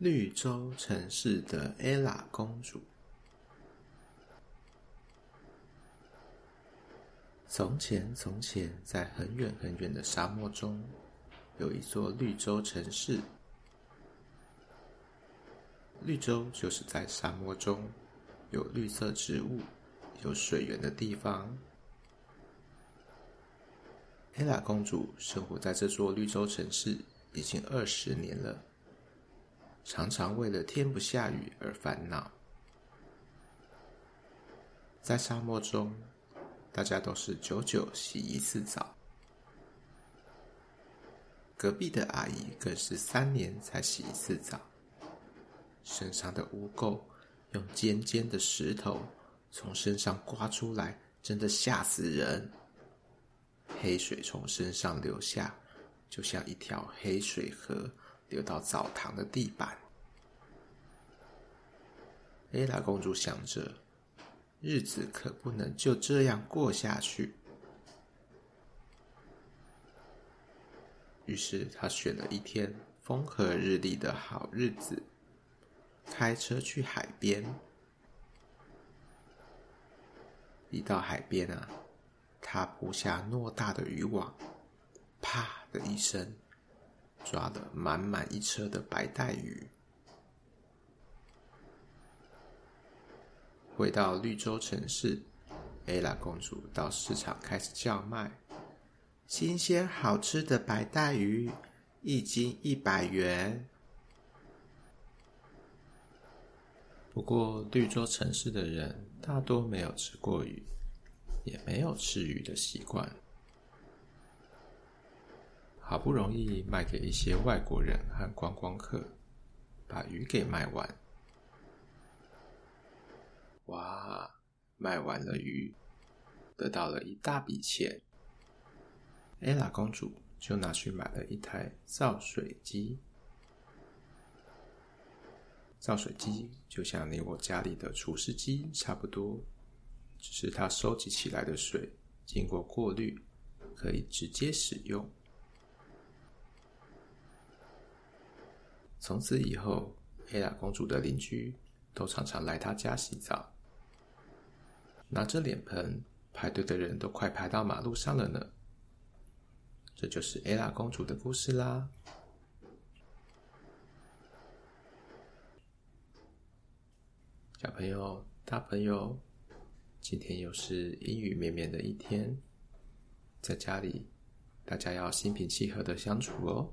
綠洲城市的艾、e、拉公主。從前，從前，在很遠很遠的沙漠中，有一座綠洲城市。綠洲就是在沙漠中有綠色植物、有水源的地方。艾拉公主生活在這座綠洲城市已經二十年了，常常為了天不下雨而煩惱。在沙漠中，大家都是久久洗一次澡，隔壁的阿姨更是三年才洗一次澡，身上的污垢用尖尖的石頭從身上刮出來，真的嚇死人。黑水從身上流下，就像一條黑水河流到澡堂的地板。艾拉公主想着，日子可不能就這樣過下去。於是，她選了一天風和日麗的好日子，開車去海邊。一到海邊啊！他布下偌大的漁網，啪的一聲，抓了滿滿一車的白帶魚。回到綠洲城市，艾拉公主到市場開始叫賣：新鮮好吃的白帶魚，一斤一百元。不過，綠洲城市的人大多沒有吃過魚。也沒有吃魚的習慣，好不容易賣給一些外國人和觀光客，把魚給賣完。哇，賣完了魚，得到了一大筆錢。Ella 公主就拿去買了一台造水機。造水機就像你我家裡的廚師機差不多。只是它收集起來的水，經過過濾，可以直接使用。從此以後，艾拉公主的鄰居都常常來她家洗澡，拿着臉盆排隊的人都快排到馬路上了呢。這就是艾拉公主的故事啦，小朋友，大朋友。今天又是陰雨綿綿的一天，在家裡，大家要心平氣和的相處哦。